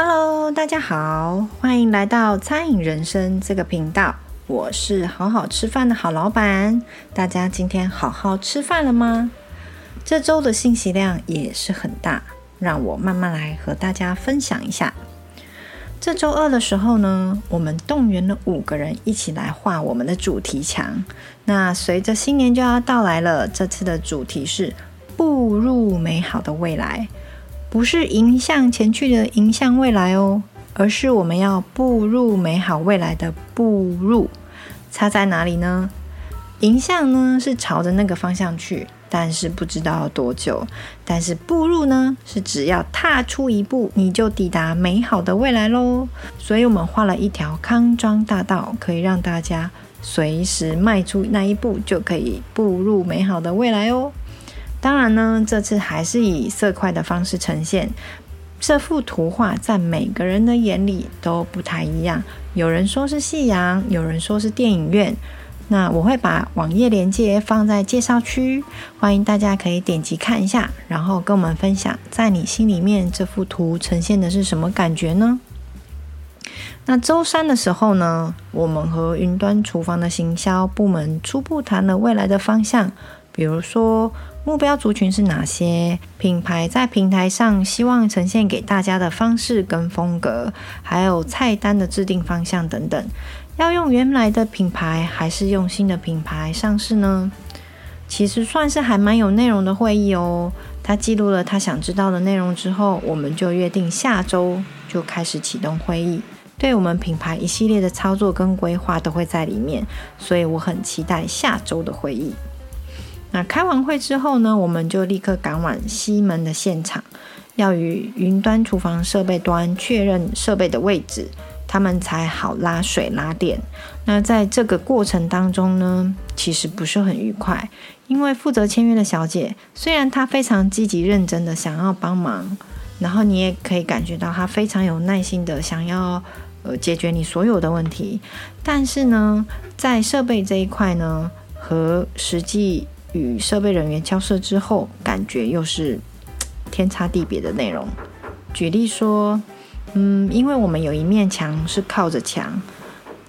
Hello，大家好，歡迎來到餐飲人生這個頻道。我是好好吃飯的好老板。大家今天好好吃飯了嗎？這周的信息量也是很大，讓我慢慢來和大家分享一下。這周二的時候呢，我們動員了五個人一起來畫我們的主題牆。那隨着新年就要到來了，這次的主題是步入美好的未來。不是迎向前去的迎向未來哦，而是我們要步入美好未來的步入。差在哪裡呢？迎向呢是朝着那個方向去，但是不知道多久；但是步入呢是只要踏出一步，你就抵達美好的未來嘍。所以我們畫了一條康莊大道，可以讓大家隨時邁出那一步，就可以步入美好的未來哦。當然呢，這次還是以色塊的方式呈現。這幅圖畫在每個人的眼裡都不太一樣，有人說是夕陽，有人說是電影院。那我會把網頁連結放在介紹區，歡迎大家可以點擊看一下，然後跟我們分享，在你心裡面這幅圖呈現的是什麼感覺呢？那週三的時候呢，我們和雲端廚房的行銷部門初步談了未來的方向，比如說，目標族群是哪些？品牌在平台上希望呈現給大家的方式跟風格，還有菜單的制定方向等等，要用原來的品牌還是用新的品牌上市呢？其實算是還蠻有內容的會議哦。他記錄了他想知道的內容之後，我們就約定下週就開始啟動會議。對我們品牌一系列的操作跟規劃都會在裡面，所以我很期待下週的會議。那開完會之後呢，我們就立刻趕往西門的現場，要與雲端廚房設備端確認設備的位置，他們才好拉水拉電。那在這個過程當中呢，其實不是很愉快，因為負責簽約的小姐雖然她非常積極認真的想要幫忙，然後你也可以感覺到她非常有耐心的想要呃解決你所有的問題，但是呢，在設備這一塊呢，和實際與設備人員交涉之後，感覺又是天差地別的內容。舉例說，嗯，因為我們有一面牆是靠着牆，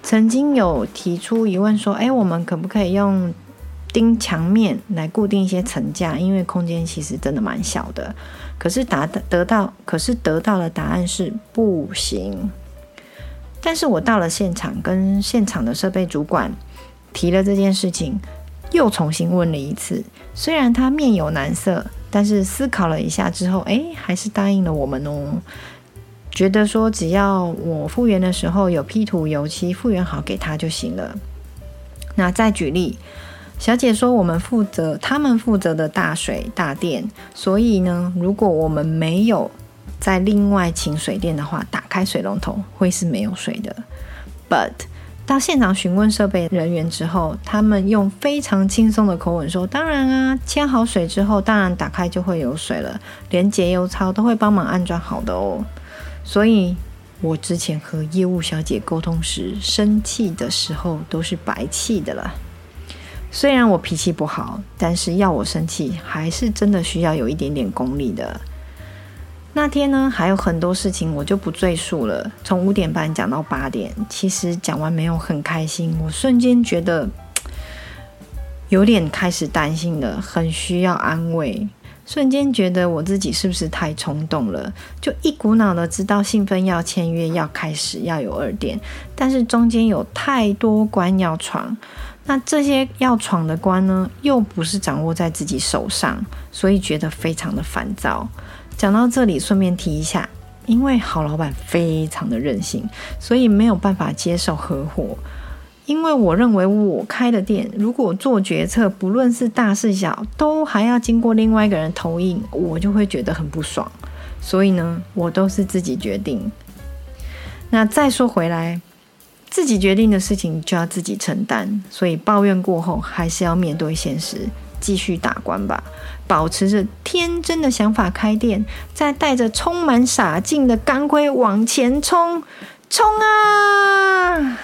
曾經有提出疑問說：“誒，我們可不可以用釘牆面來固定一些層架？因為空間其實真的蠻小的。”可是達得到，可是得到的答案是不行。但是我到了現場，跟現場的設備主管提了這件事情。又重新問了一次，雖然他面有難色，但是思考了一下之後，哎，還是答應了我們哦。覺得說只要我復原的時候有 P 圖、油漆復原好給他就行了。那再舉例，小姐說我們負責，他們負責的大水大電，所以呢，如果我們沒有在另外請水電的話，打開水龍頭會是沒有水的。But 到現場詢問設備人員之後，他們用非常輕鬆的口吻說：“當然啊，牽好水之後，當然打開就會有水了。連截油槽都會幫忙安裝好的哦。”所以，我之前和業務小姐溝通時，生氣的時候都是白氣的了。雖然我脾氣不好，但是要我生氣，還是真的需要有一點點功力的。那天呢，還有很多事情，我就不贅述了。從五點半講到八點，其實講完沒有很開心，我瞬間覺得有點開始擔心了，很需要安慰。瞬間覺得我自己是不是太衝動了？就一股腦的知道興奮，要簽約，要開始，要有二店。但是中間有太多關要闖。那這些要闖的關呢，又不是掌握在自己手上，所以覺得非常的煩躁。講到這裡，順便提一下，因為好老板非常的任性，所以沒有辦法接受合夥。因為我認為我開的店，如果做決策，不論是大是小，都還要經過另外一個人同意，我就會覺得很不爽。所以呢，我都是自己決定。那再說回來，自己決定的事情就要自己承擔，所以抱怨過後，還是要面對現實。繼續打關吧，保持着天真的想法開店，再帶着充滿傻勁的鋼盔往前衝，衝啊！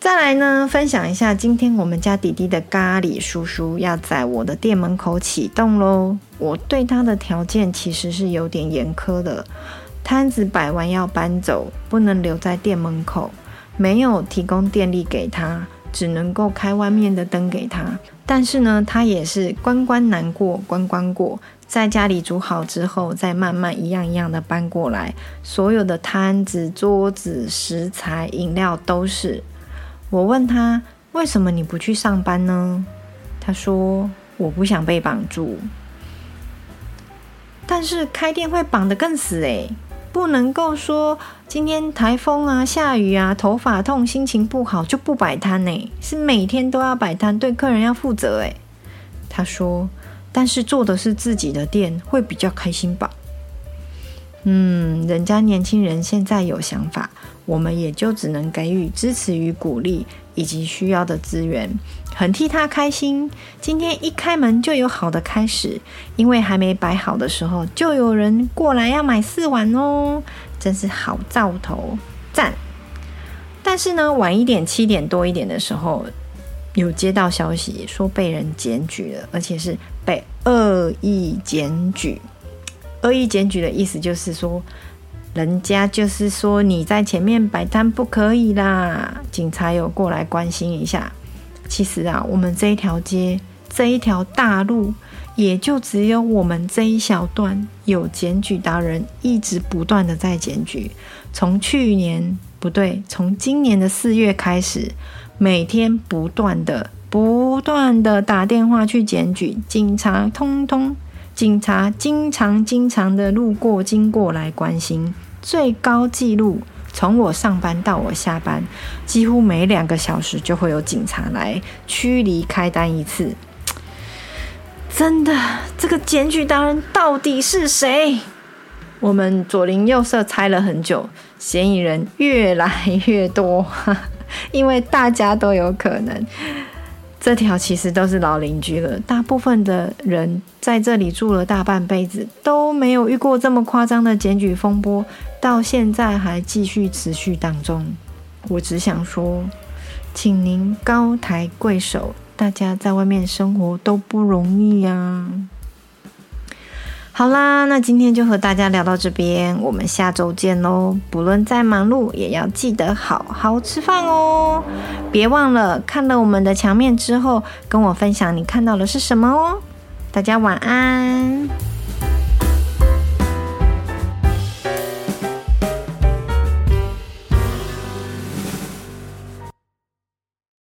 再來呢，分享一下今天我們家弟弟的咖喱叔叔要在我的店門口啟動嘍。我對他的條件其實是有點嚴苛的，攤子擺完要搬走，不能留在店門口，沒有提供電力給他。只能夠開外面的燈給他，但是呢，他也是關關難過關關過，在家裡煮好之後，再慢慢一樣一樣的搬過來，所有的攤子、桌子、食材、飲料都是。我問他為什麼你不去上班呢？他說我不想被綁住，但是開店會綁得更死，欸。不能夠說今天台風啊、下雨啊、頭發痛、心情不好就不擺攤呢，是每天都要擺攤，對客人要負責誒，他說，但是做的是自己的店，會比較開心吧。嗯，人家年輕人現在有想法。我們也就只能給予支持與鼓勵，以及需要的資源，很替他開心。今天一開門就有好的開始，因為還沒擺好的時候，就有人過來要買四碗哦，真是好兆頭，讚！但是呢，晚一點七點多一點的時候，有接到消息說被人檢舉了，而且是被惡意檢舉。惡意檢舉的意思就是說，人家就是說你在前面擺攤不可以啦，警察有過來關心一下。其實啊，我們這一條街這一條大路，也就只有我們這一小段有檢舉達人，一直不斷的在檢舉。從去年不對，從今年的四月開始，每天不斷的不斷的打電話去檢舉，警察通通。警察經常經常的路過經過來關心，最高紀錄，從我上班到我下班，幾乎每兩個小時就會有警察來驅離開單一次。真的，這個檢舉達人到底是誰？我們左鄰右舍猜了很久，嫌疑人越來越多，呵呵，因為大家都有可能。這條其實都是老鄰居了，大部分的人在這裡住了大半輩子，都沒有遇過這麼誇張的檢舉風波，到現在還繼續持續當中。我只想說，請您高抬貴手，大家在外面生活都不容易呀、啊。好啦，那今天就和大家聊到這邊，我們下週見嘍！不論再忙碌，也要記得好好吃飯哦。別忘了看了我們的牆面之後，跟我分享你看到的是什麼哦、喔。大家晚安。